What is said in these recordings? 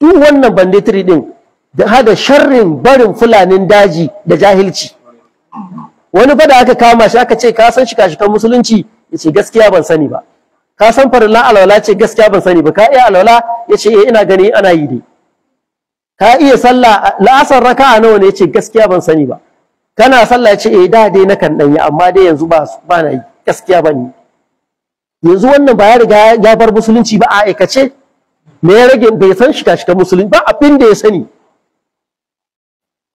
duk wannan banditiri din da hada sharrin barin fulanin daji da jahilci wani fa da aka kama shi aka ce ka san shika musulunci ya ce gaskiya ban sani ba ka san farilla alwala ce gaskiya ban sani ba ka iya alwala ya ce eh, ina gani ana yi dai ka iya sallah la'asar raka'a nawa ne ya ce gaskiya ban sani ba kana sallah ya ce eh da dai nakan dan yi amma dai yanzu ba ba na yi gaskiya ban yi yanzu wannan ba ya riga ya bar musulunci ba a aikace me ya rage bai san shika shika musulunci ba abin da ya sani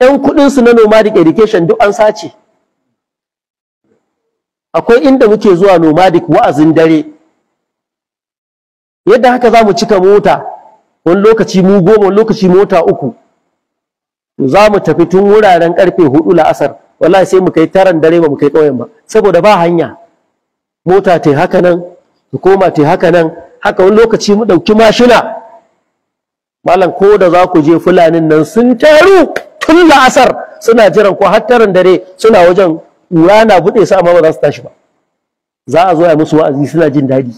yan kuɗin su na nomadic education duk an sace akwai inda muke zuwa nomadic wa'azin dare yadda haka za mu cika mota wani lokaci mu goma wani lokaci mota uku za mu tafi tun wuraren karfe hudu la'asar wallahi sai mu kai taran dare ba mu kai ƙauyen ba saboda ba hanya mota ta haka nan ta koma ta haka nan haka wani lokaci mu ɗauki mashina malam ko da za ku je fulanin nan sun taru tun la'asar suna jiran ko har taran dare suna wajen rana na buɗe su amma ba za su tashi ba za a zo a musu wa'azi suna jin daɗi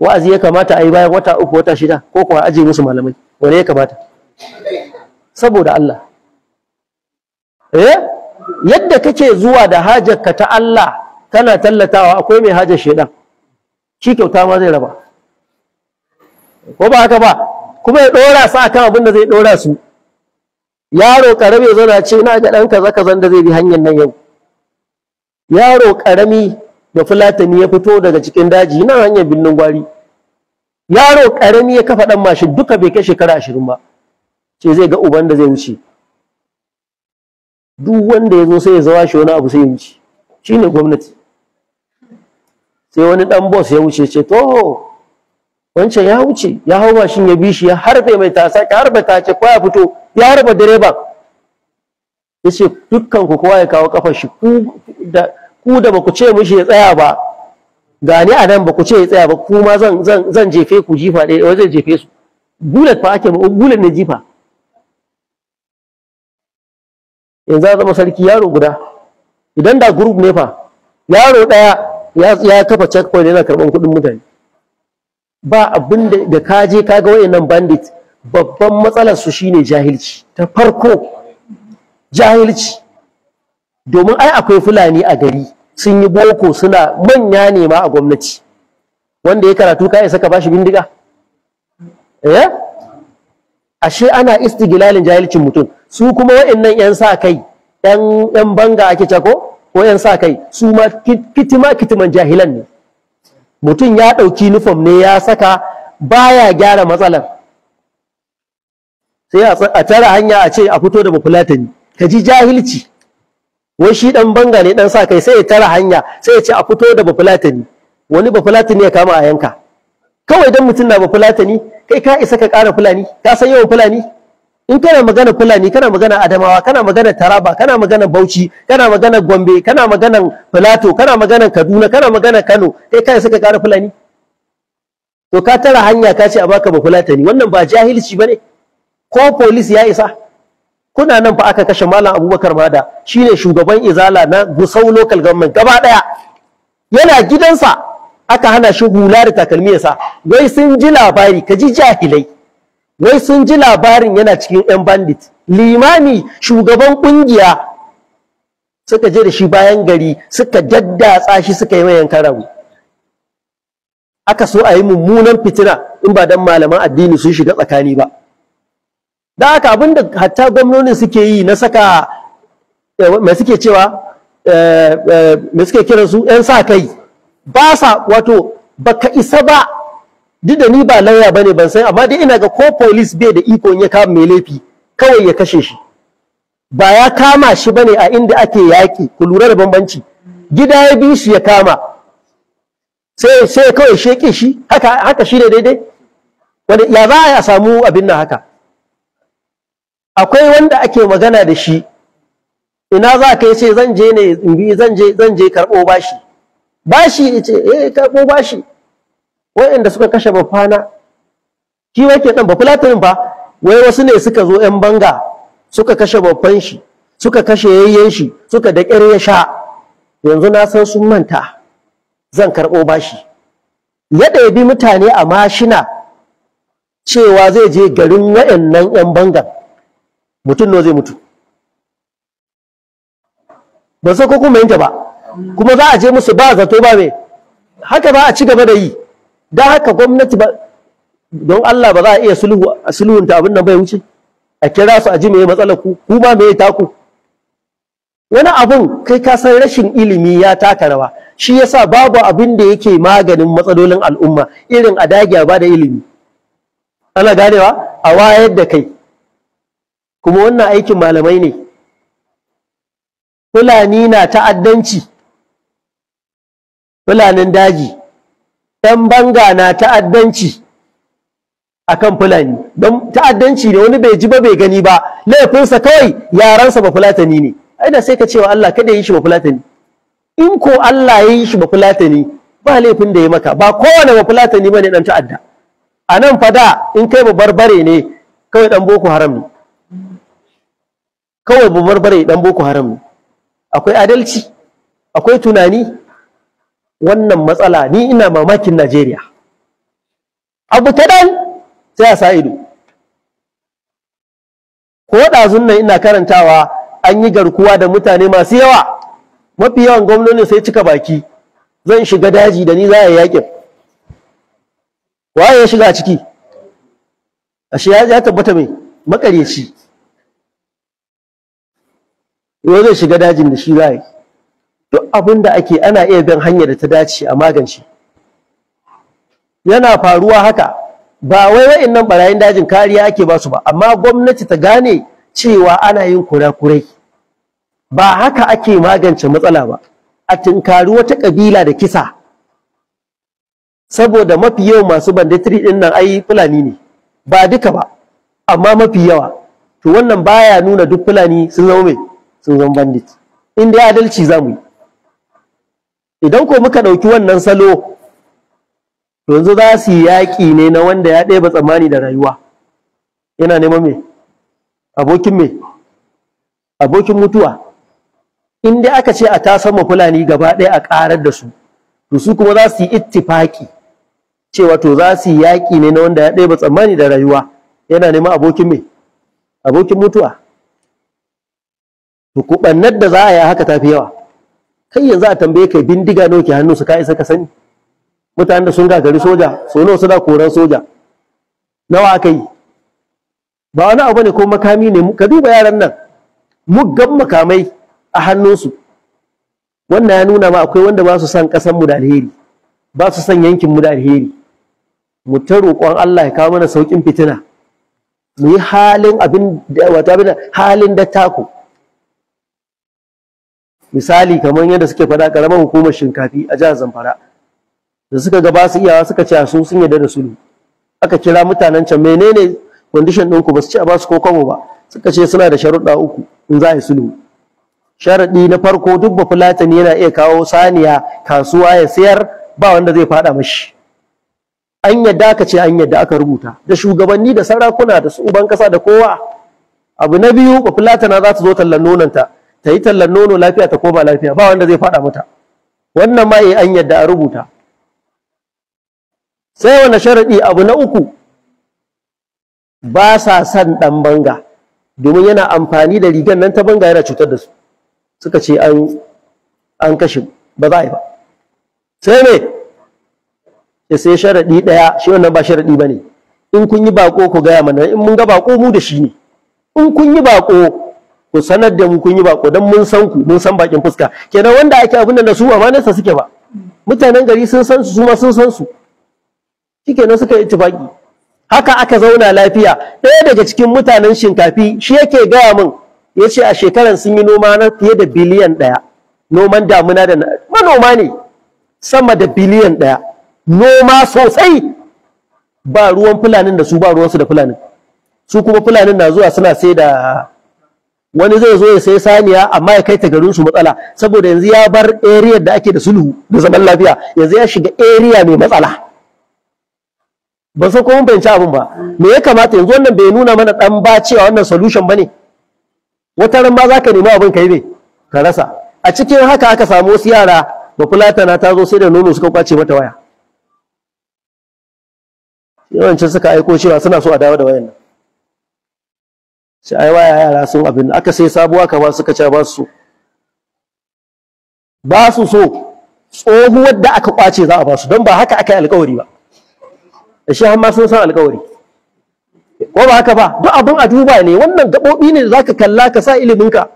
wa'azi ya kamata a yi bayan wata uku wata shida ko kuwa aje musu malamai wani ya kamata saboda Allah eh yadda kake zuwa da hajarka ta Allah kana tallatawa akwai mai hajar shedan shi kyauta ma zai raba ko ba haka ba kuma ya ɗora su akan abin da zai ɗora su yaro ƙarami ya zauna ce na ga ɗan kaza kazan da zai bi hanyar nan yau yaro ƙarami da fulatani ya fito daga cikin daji nan hanyar birnin gwari yaro ƙarami ya kafa ɗan mashin duka bai kai shekara ashirin ba ce zai ga uban da zai wuce duk wanda ya zo sai ya zawa shi wani abu sai ya wuce shine gwamnati sai wani ɗan bos ya wuce ce to wancan ya wuce ya hau mashin ya bi shi ya harbe mai tasa ya harbe ta ce kwaya fito ya harbe direba ce dukkan ku kowa ya kawo kafar shi ku da ku da baku ce mishi ya tsaya ba gani a nan baku ce ya tsaya ba ku ma zan zan zan jefe ku jifa ɗaya wai zai jefe su bullet fa ake bullet na jifa yanzu ya zama sarki yaro guda idan da group ne fa yaro ɗaya ya kafa checkpoint yana karɓar kuɗin mutane ba abin da ka ka kaga wayannan bandit babban matsalar su shine jahilci ta farko jahilci domin ai akwai fulani a gari sun yi boko suna manya ne ma a gwamnati wanda ya karatu ka isa ka bashi bindiga eh ashe ana istigilalin jahilcin mutum su kuma wayannan yan sa kai yan yan banga ake cako ko yan sa kai su ma kitima kitiman jahilan ne mutum ya ɗauki uniform ne ya saka baya gyara matsalar sai a tara hanya a ce a fito da bafulatani ka ji jahilci wai shi ɗan banga ne ɗan sa kai sai ya tara hanya sai ya ce a fito da bafulatani wani bafulatani ya kama a yanka kawai don mutum na bafulatani kai ka isa ka ƙara fulani ka san yawan fulani in kana magana fulani kana magana adamawa kana magana taraba kana magana bauchi kana magana gombe kana magana filato kana magana kaduna kana magana kano kai kai suka kara fulani to ka tara hanya ka ce a baka ba fulatani wannan ba jahilci bane ko police ya isa kuna nan fa aka kashe malam abubakar mada shine shugaban izala na gusau local government gaba daya yana gidansa aka hana shi hula da takalmi wai sun ji labari ka ji jahilai wai sun ji labarin yana cikin 'yan bandit limami shugaban kungiya suka je da shi bayan gari suka jaddatsa shi suka yi mayan karamu aka so a yi mummunan fitina in ba dan malaman addini sun shiga tsakani ba da aka abin da hatta gwamnonin suke yi na saka eh, mai suke cewa eh, eh, mai suke kiransu 'yan sa kai ba sa wato baka isa ba duk da ni ba lauya bane ban san amma dai ina ga ko police bai da iko ya kama mai laifi kawai ya kashe shi ba ya kama shi bane a inda ake yaƙi ku lura da bambanci gida ya bi shi ya kama sai sai kawai sheke shi haka haka shi ne daidai wanda ya za a samu abin nan haka akwai wanda ake magana da shi ina za ka yace sai zan je ne in bi zan je zan je karɓo bashi bashi yace eh karɓo bashi wa'anda suka kashe bafana shi wake dan ba fulatanin ba wai wasu ne suka zo yan banga suka kashe babban shi suka kashe yayyen shi suka da ya sha yanzu na san sun manta zan karɓo bashi ya ɗabi mutane a mashina cewa zai je garin wa'annan 'yan banga mutum no zai mutu ba sai ko kuma yinta ba kuma za a je musu ba zato ba me. haka ba a ci gaba da yi don haka gwamnati ba don Allah ba za a iya sulhu sulhunta abin nan bai wuce a kira su a ji meye matsalar ku ku ma meye taku wani abun kai ka san rashin ilimi ya taka rawa shi yasa babu abin da yake maganin matsalolin al'umma irin a dagiya ba da ilimi ana ganewa a wayar da kai kuma wannan aikin malamai ne fulani na ta'addanci fulanin daji ɗan banga na ta'addanci akan fulani don ta'addanci ne wani bai ji ba bai gani ba laifinsa kawai yaransa ba fulatani ne ai da sai ka cewa Allah kada yi shi ba fulatani in ko Allah ya yi shi ba fulatani ba laifin da ya maka ba kowane ba fulatani ne ɗan ta'adda a nan fada in kai barbare ne kawai dan boko haram ne kawai barbare ɗan boko haram ne akwai adalci akwai tunani wannan matsala ni ina mamakin Najeriya abu ta dan sai a sa ido ko ɗazun nan ina karantawa an yi garkuwa da mutane masu yawa mafi yawan gwamnonin sai cika baki zan shiga daji da ni za a yaƙin waye ya shiga ciki ashe ya tabbata mai makareci yau zai shiga dajin da shi za a yi duk abin da ake ana iya bin hanyar da ta dace a magance yana faruwa haka ba wai wa'annan barayin dajin kariya ake ba su ba amma gwamnati ta gane cewa ana yin kurakurai ba haka ake magance matsala ba a tinkari wata kabila da kisa saboda mafi yawa masu banditri din nan ai fulani ne ba duka ba amma mafi yawa to wannan baya nuna duk fulani sun zama mai sun zama bandit in dai adalci za mu yi idan ko muka ɗauki wannan salo yanzu za su yi yaƙi ne na wanda ya ɗaya ba tsammani da rayuwa yana neman me abokin me abokin mutuwa in dai aka ce a tasan fulani gaba ɗaya a ƙarar da su to su kuma za su yi ittifaki cewa to za su yi yaƙi ne na wanda ya ɗaya ba tsammani da rayuwa yana neman abokin me abokin mutuwa to da za a yi haka fi yawa kai yanzu a tambaye kai bindiga nawa ke hannu su ka isa ka sani mutanen da sun ga gari soja so nawa da koran soja nawa kai? ba wani abu ne ko makami ne ka duba yaran nan muggan makamai a hannun su. wannan ya nuna ma akwai wanda ba su san kasan mu da alheri ba su san yankin mu da alheri mu ta roƙon Allah ya kawo mana saukin fitina mu yi halin abin wata halin dattako misali kamar yadda suke faɗa karaman hukumar shinkafi a jihar zamfara da suka ga ba su iyawa suka ce su sun yarda da sulhu aka kira mutanen can menene condition ɗinku ba su ci a ba su ko ba suka ce suna da sharuɗa uku in za a yi sulhu sharaɗi na farko duk ba fulatani yana iya kawo saniya kasuwa ya sayar ba wanda zai faɗa mashi an yadda aka ce an yadda aka rubuta da shugabanni da sarakuna da su uban kasa da kowa abu na biyu ba fulatana za ta zo tallan nonanta ta yi tallan nono lafiya ta koma lafiya ba wanda zai faɗa mata wannan ma eh, an yadda a rubuta sai wani sharaɗi abu na uku ba sa son ɗan banga domin yana amfani da rigar nan ta banga yana cutar da su suka ce an kashe ba za a yi ba sai me sai sharaɗi ɗaya shi wannan ba sharaɗi ba ne in kun yi baƙo ku gaya mana in mun ga baƙo mu da shi ne in kun yi baƙo ku sanar da mu kun yi bako dan mun san ku mun san bakin fuska kenan wanda ake abin da su ba nesa suke ba mutanen gari sun san su su ma sun san su shikenan suka yi tufaki haka aka zauna lafiya ɗaya daga cikin mutanen shinkafi shi yake gaya min ya ce a shekaran sun yi noma na fiye da biliyan ɗaya noman damuna da manoma ne sama da biliyan ɗaya noma sosai ba ruwan fulanin da su ba ruwansu da fulanin su kuma fulanin na zuwa suna sai da wani zai zo ya sai saniya amma ya kai ta garin su matsala saboda yanzu ya bar area da ake da sulhu da zaman lafiya yanzu ya shiga area mai matsala ba ko kuma bayanci abin ba me ya kamata yanzu wannan bai nuna mana dan ba cewa wannan solution bane wata ran za ka nemi abin kai ne ka rasa a cikin haka aka samu wasu yara ba kula ta zo sai da nono suka kwace mata waya yawancin suka aiko cewa suna so a dawo da wayannan. sai ai waya yara sun abin aka sai sabuwa ka ba suka ce ba su ba su so tsohuwar da aka kwace za a ba su don ba haka aka yi alkawari ba a shi har ma sun san alkawari ko ba haka ba duk abin a duba ne wannan gaɓoɓi ne da za ka kalla ka sa iliminka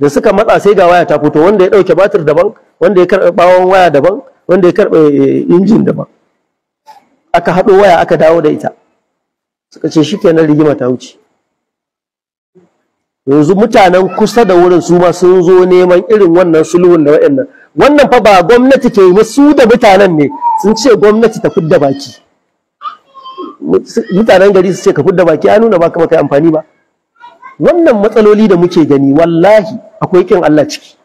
da suka matsa sai ga waya ta fito wanda ya ɗauke batir daban wanda ya karɓi ɓawon waya daban wanda ya karɓi eh, injin daban aka haɗo waya aka dawo da ita suka ce shi kenan rigima ta wuce yanzu mutanen kusa da wurin su ma sun zo neman irin wannan sulhun da waɗannan wannan fa ba gwamnati ke yi su da mutanen ne sun ce gwamnati ta fudda baki mutanen gari su ce ka fudda baki an nuna baka kai amfani ba wannan matsaloli da muke gani wallahi akwai kin Allah ciki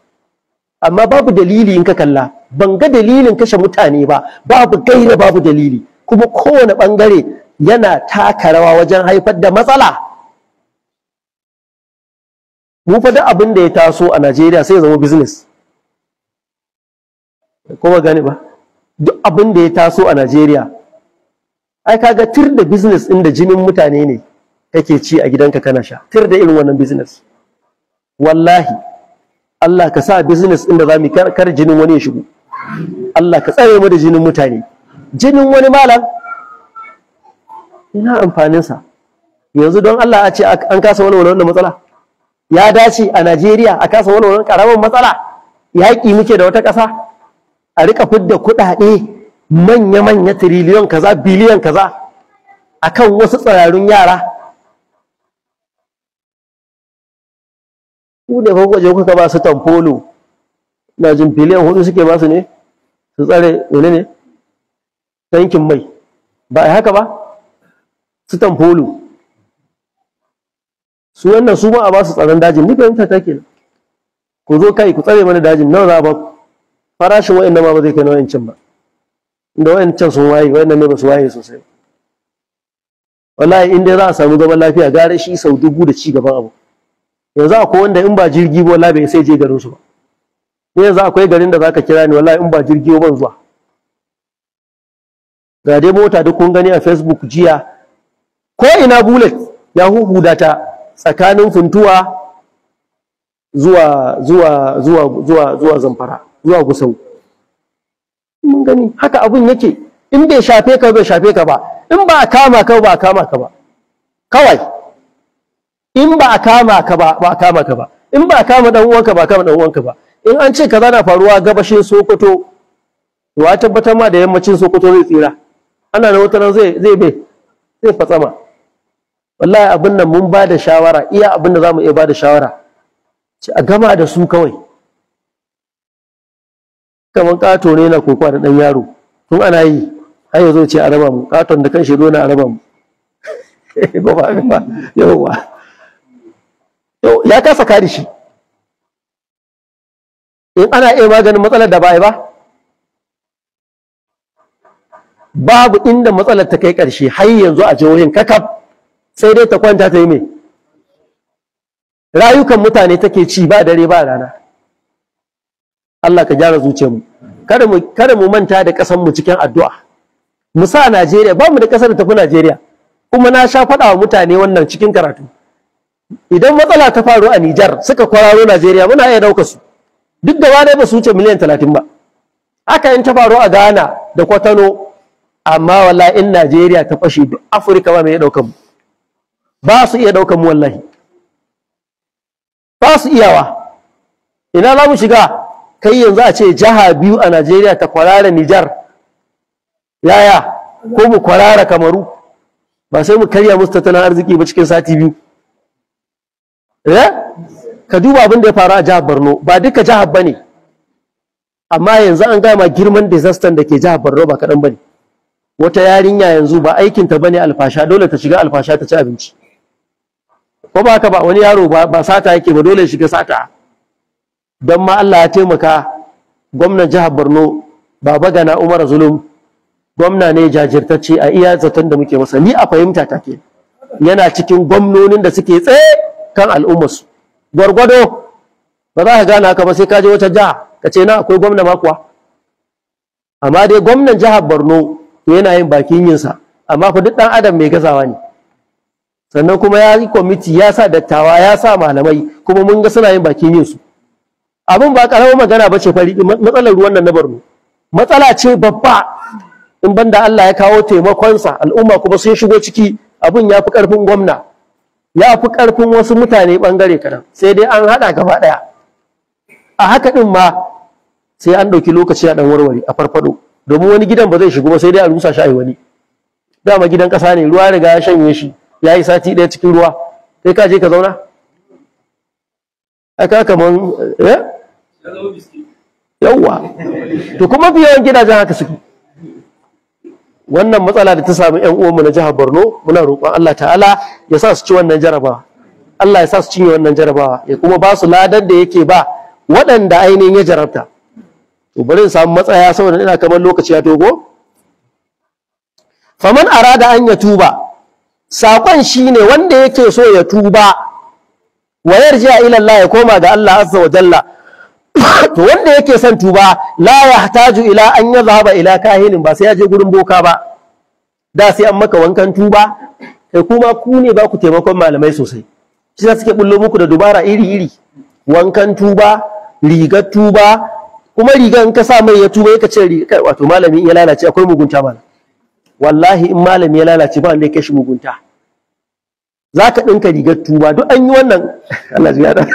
amma babu dalili in ka kalla ban ga dalilin kashe mutane ba babu gaira babu dalili kuma kowane bangare yana taka rawa wajen haifar da matsala mu fa duk abin da ya taso a Najeriya sai ya zama business kuma gani ba duk abin da ya taso a Najeriya ai kaga tir da business din da jinin mutane ne kake ci a gidanka kana sha tir da irin wannan business wallahi Allah ka sa business din da za mu kar jinin wani ya shigo Allah ka tsare mu da jinin mutane jinin wani malam ina amfaninsa yanzu don Allah a ce an kasa wani wannan matsala ya dace a Najeriya a kasa wani karamin matsala yaƙi muke da wata ƙasa a rika fidda kuɗaɗe manya-manya tiriliyon kaza biliyan kaza a kan wasu tsirarun yara ku ne fa waje kuka ba su tamfolo na jin biliyan hudu suke ba su ne su tsare wani ne tankin mai ba a haka ba su tamfolo su wannan su ma a ba su tsaron dajin ni fahimta ta kenan ku zo kai ku tsare mana dajin nawa za ba ku farashin wa'annan ma ba zai kai na wa'ancan ba inda wa'ancan sun waye wa'annan ne ba su waye sosai wallahi in dai za a samu zaman lafiya gare shi sau dubu da ci gaban abu yanzu akwai wanda in ba jirgi ba wallahi bai sai je garin su ba ne yanzu akwai garin da zaka kira ni wallahi in ba jirgi ba ban zuwa ga dai mota duk kun gani a Facebook jiya ko ina bullet ya huhuda ta tsakanin funtuwa zuwa zuwa zuwa zuwa zuwa zamfara zuwa gusau mun gani haka abun yake in bai shafe ka bai shafe ka ba in ba a kama ka ba a kama ka ba kawai in ba a kama ka ba ba a kama ka ba in ba a kama dan uwanka ba kama dan uwanka ba in an ce kaza na faruwa gabashin Sokoto to a tabbatar ma da yammacin Sokoto zai tsira ana da wata zai zai bai zai fatsama wallahi abin nan mun ba da shawara iya abin da za mu iya ba da shawara ci a gama da su kawai kamar ƙato ne na kokowa da ɗan yaro tun ana yi har yanzu ce a raba mu katon da kan shi dole a raba mu yawwa ya kasa kare shi in ana iya maganin matsalar da bai ba babu inda matsalar ta kai ƙarshe har yanzu a jihohin kakaf sai dai ta kwanta ta yi mai rayukan mutane ke ci ba dare ba rana Allah ka gyara zuciyarmu kada mu kada mu manta da ƙasar mu cikin addu'a mu sa Najeriya ba mu da ƙasar da tafi Najeriya kuma na sha faɗa wa mutane wannan cikin karatu idan matsala ta faru a Nijar suka kwararo Najeriya muna iya ɗaukar su duk da wani ba su wuce miliyan talatin ba aka yin ta faru a Ghana da Kwatano amma wala in Najeriya ta fashe duk Afirka ba mai ɗaukar mu ba su iya ɗaukan mu wallahi ba su iyawa ina za mu shiga kai yanzu a ce jaha biyu a najeriya ta kwarara nijar yaya ko mu kwarara kamaru ba sai mu karya musu tattalin arziki ba cikin sati biyu eh? ka duba abin da ya faru a jihar borno ba duka jihar ba ne amma yanzu an gama girman disaster da ke jihar borno ba kaɗan ba ne wata yarinya yanzu ba aikinta ba ne alfasha dole ta shiga alfasha ta ci abinci ko ba ka ba wani yaro ba sata yake ba dole shiga sata don ma Allah ya taimaka gwamnan jihar Borno baba gana Umar Zulum gwamna ne jajirtacce a iya zaton da muke masa ni a fahimta take yana cikin gwamnonin da suke tsaye kan al'ummar su gwargwado ba za ka gane haka ba sai ka je wata jiha ka ce na akwai gwamna ma kuwa amma dai gwamnan jihar Borno yana yin bakin yinsa amma fa duk dan adam mai gazawa ne sannan kuma ya yi kwamiti ya sa dattawa ya sa malamai kuma mun ga suna yin bakin yin su abin ba karamar magana ba ce fari matsalar ruwan nan na Borno matsala ce babba in banda Allah ya kawo taimakonsa al'umma kuma sun shigo ciki abin ya fi karfin gwamna ya fi karfin wasu mutane bangare kadan sai dai an hada gaba daya a haka din ma sai an ɗauki lokaci a ɗan warware a farfado domin wani gidan ba zai shigo ba sai dai a rusa shi wani dama gidan ƙasa ne ruwa riga ya shanye shi ya yi sati ɗaya cikin ruwa Sai ka je ka zauna aka kamar eh? ya to kuma fiye yawan gidajen haka suke wannan matsala da ta samu ƴan uwanmu na jihar Borno muna roƙon Allah ta'ala ya sa su ci wannan jarabawa Allah ya sa su cinye wannan jarabawa ya kuma ba su ladan da yake ba waɗanda ainihin ya jarabta to bari in samu matsaya saboda ina kamar lokaci ya dogo faman arada an ya tuba saƙon shine wanda yake so ya tuba wa jiya ila Allah ya koma ga Allah azza wa jalla to wanda yake son tuba la yahtaju ila an zaba ila kahinin ba sai ya je gurin boka ba da sai an maka wankan tuba kai kuma ku ne ba ku taimakon malamai sosai shi za suke bullo muku da dubara iri-iri wankan tuba rigar tuba kuma rigar in ka sa mai ya tuba ya ka rigar wato malami ya lalace akwai mugunta mana wallahi in malami ya lalace ba wanda ya kashi mugunta za ka ɗinka rigar tuba duk an yi wannan Allah ya da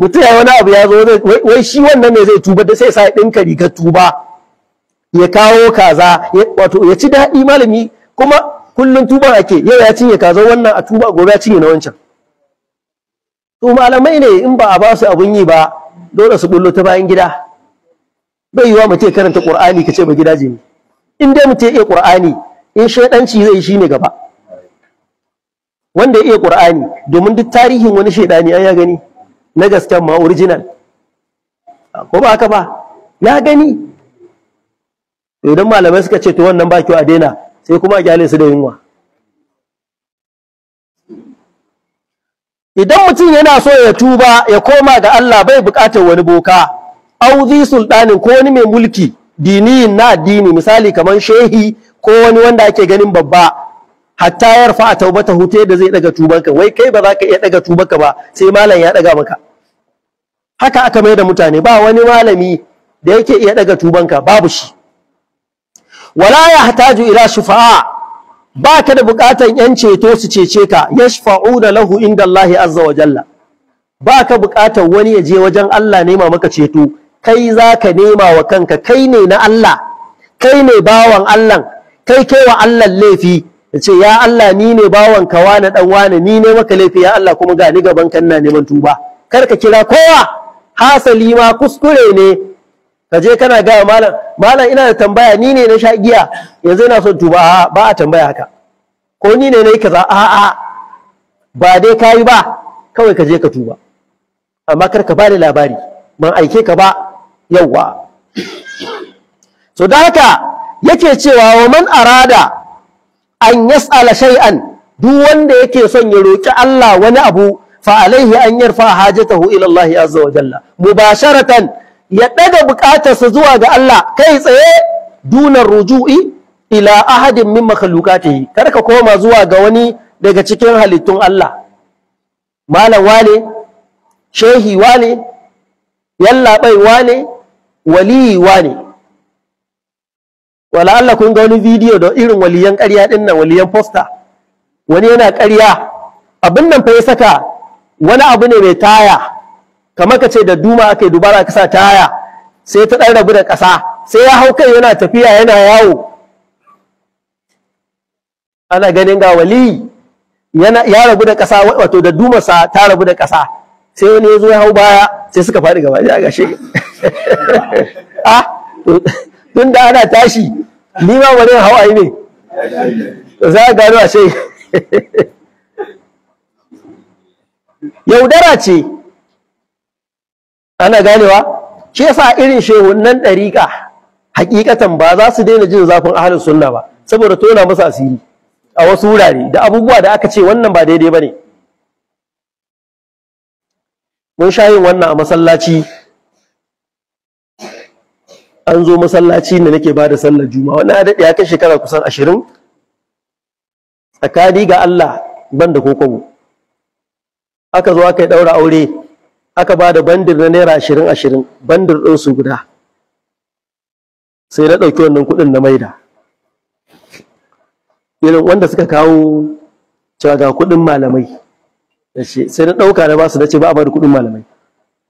mutum ya wani abu ya zo wai shi wannan ne zai tuba da sai sa ɗinka rigar tuba ya kawo kaza wato ya ci daɗi malami kuma kullum tuba ake yau ya cinye kaza wannan a tuba gobe ya cinye na wancan to malamai ne in ba a ba su abun yi ba dole su bullo ta bayan gida bai yiwa mutum ya karanta ƙur'ani ka ce ba gida ne in dai mutum ya iya qur'ani in shaidanci zai ne gaba wanda ya iya qur'ani domin duk tarihin wani shaidani ai ya gani na gasken ma original ko ba haka ba ya gani idan malamai suka ce to wannan ba kyau a daina sai kuma a su da yunwa idan mutum yana so ya tuba ya koma ga Allah bai bukatar wani boka auzi sultanin ko wani mai mulki dini na addini misali kamar shehi ko wani wanda ake ganin babba hatta ya rufa a taubata hutu da zai daga tubanka wai kai ba za ka iya daga tubanka ba sai malam ya daga maka haka aka mai da mutane ba wani malami da yake iya daga tubanka babu shi wala ya hataju ila shufa'a ba ka da bukatan yan ceto su cece ka yashfa'una lahu inda Allah azza wa jalla ba ka bukatan wani ya je wajen Allah nema maka ceto kai za ka nema wa kanka kai ne na Allah kai ne bawan Allah kai kewa Allah laifi ce ya Allah ni ne bawan ka wane dan wane ni ne maka laifi ya Allah kuma ga ni gaban kan na neman tuba kar ka kira kowa hasali ma kuskure ne ka je kana ga malam malam ina da tambaya ni ne na sha giya yanzu ina son tuba ba a tambaya haka ko ni ne na yi kaza a'a ba dai kai ba kawai ka je ka tuba amma kar ka bada labari ban aike ka ba yawwa to da haka yake cewa wa man arada an yas'ala shay'an duk wanda yake son ya roki Allah wani abu fa alaihi an yarfa hajatahu ila Allah azza wa jalla mubasharatan ya daga bukatarsa zuwa ga Allah kai tsaye dunar ruju'i ila ahadin min makhluqatihi kar ka koma zuwa ga wani daga cikin halittun Allah malam wane shehi wane bai wane waliyi wane wala Allah kun ga wani bidiyo da irin waliyan ƙarya din nan waliyan poster wani yana ƙarya abin nan fa ya saka wani abu ne mai taya kamar ka ce da duma aka yi dubara ka sa taya sai ta ɗan rabu da ƙasa sai ya hau kai yana tafiya yana yawo ana ganin ga wali ya rabu da ƙasa wato da dumarsa ta rabu da ƙasa sai wani ya ya hau baya sai suka faɗi gaba ɗaya gashe a ah, tun da ana tashi ni ma wani hawaye ne za a gano a ce yaudara ce ana ganewa Ke sa irin shehunan ɗariƙa hakikatan ba za su daina jin zafin ahalin sunna ba saboda tona musu asiri a wasu wurare da abubuwa da aka ce wannan ba daidai ba ne mun sha yin wannan a masallaci an zo masallaci da nake ba da sallar juma'a wani adadi ya kai shekara kusan ashirin tsakani ga Allah ban da kokobo aka zo aka yi ɗaura aure aka ba da bandir na naira ashirin ashirin bandir ɗin su guda sai na ɗauki wannan kuɗin na maida irin wanda suka kawo cewa ga kuɗin malamai sai na ɗauka na basu na ce ba a bada kuɗin malamai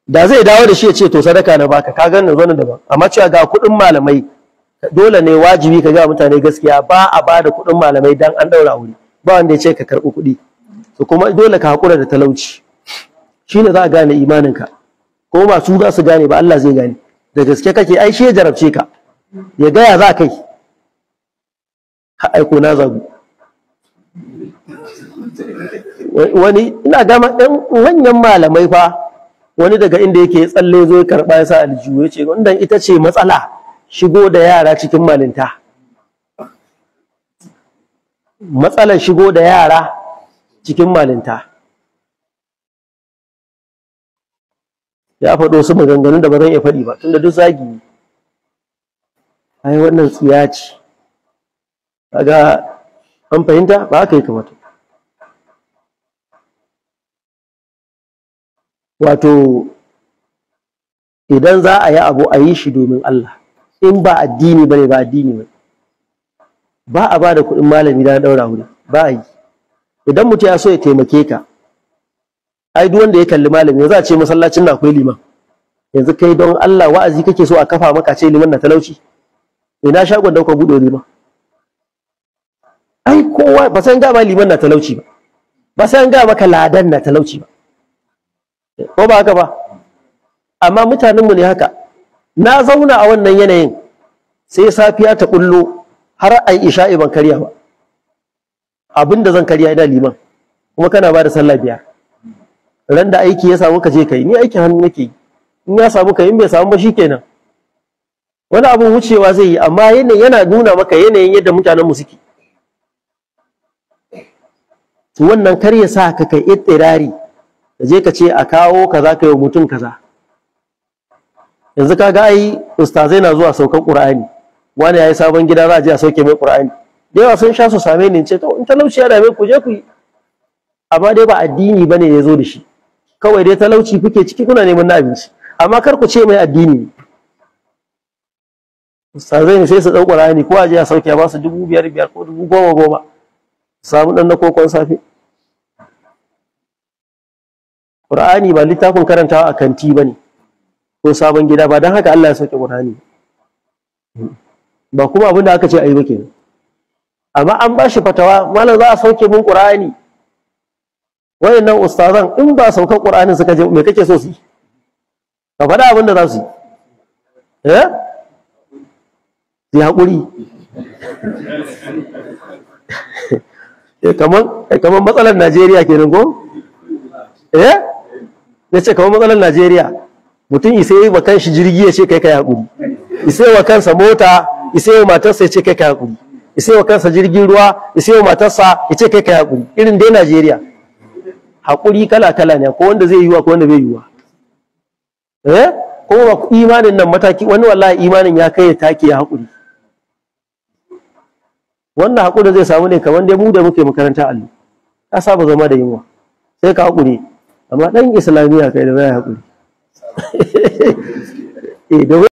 da zai dawo da shi ya ce to sadaka na baka ka gan na zo daban amma cewa ga kuɗin malamai dole ne wajibi ka ga mutane gaskiya ba a bada kuɗin malamai dan an ɗaura aure ba wanda ya ce ka karɓi kuɗi to kuma dole ka haƙura da talauci shine za a gane imaninka ko masu za su gane ba Allah zai gane da gaske kake ai shi jarabce ka ya gaya za kai ka aiko na zagu Eh, wani ina gama ɗan manyan malamai fa wani daga inda yake tsalle zo ya karɓa ya sa aljihu ya ce wannan ita ce matsala shigo da yara cikin malinta matsalar shigo da yara cikin malinta ya faɗo su maganganun da ba zan iya faɗi ba tunda duk zagi ai wannan tsiya ce kaga an fahimta ba haka yi kamata wato idan za a yi abu a yi shi domin Allah in ba addini bane ba addini ba. ba a ba da kuɗin malami da daura wuri ba a yi idan mutum ya so ya taimake ka ai duk wanda ya kalli malami yanzu a ce masallacin na akwai liman yanzu kai don Allah wa'azi kake so a kafa maka ce liman na talauci ina shagon da kuka buɗe liman ai kowa ba san ga ma liman na talauci ba ba san ga maka ladan na talauci ba ko ba haka ba amma mutanenmu ne haka na zauna a wannan yanayin sai safiya ta kullo har ai isha ban karya ba abinda zan karya ina liman kuma kana ba da sallah biyar ran da aiki ya samu ka kai ni aikin hannu nake yi in ya samu kai in bai samu ba shikenan wani abu wucewa zai yi amma yana nuna maka yanayin yadda mutanen mu suke wannan kar ya sa ka kai ittirari ka je ka ce a kawo kaza ka yi mutum kaza yanzu ka ga ai ustazai na zuwa saukan qur'ani wani ya yi sabon gida za a je a sauke mai qur'ani da yawa sun sha su same ni ce kawai in talauci ya dame ku je ku yi amma dai ba addini bane ya zo da shi kawai dai talauci kuke ciki kuna neman na abinci amma kar ku ce mai addini ustazai ne sai su ɗau ƙura'ani, ko a je a sauke ba su dubu biyar biyar ko dubu goma goma samu ɗan na kokon safe Qur'ani ba littafin karantawa a kanti bane ko sabon gida ba dan haka Allah ya sauke Qur'ani ba kuma abin da aka ce ayi ba kenan amma an ba shi fatawa malam za a sauke mun Qur'ani wayannan ustazan in ba saukan Qur'anin suka je me kake so su ka faɗa abin da za su yi eh hakuri. haƙuri eh, eh, kaman matsalar Najeriya kenan ko eh na ce kamar matsalar najeriya mutum isa yi wa kanshi jirgi ya ce kai kai haƙuri isa yi wa kansa mota isa yi wa matarsa ya ce kai kai haƙuri isa yi wa kansa jirgin ruwa isa yi wa matarsa ya ce kai kai haƙuri irin dai najeriya haƙuri kala kala ne ko wanda zai wa ko wanda bai wa eh ko imanin nan mataki wani wallahi imanin ya kai ya take ya haƙuri wannan haƙurin zai samu ne kamar dai mu da muke makaranta allo ka saba zama da yunwa sai ka haƙuri amma ɗan islamiyya kai da baya haƙuri eh,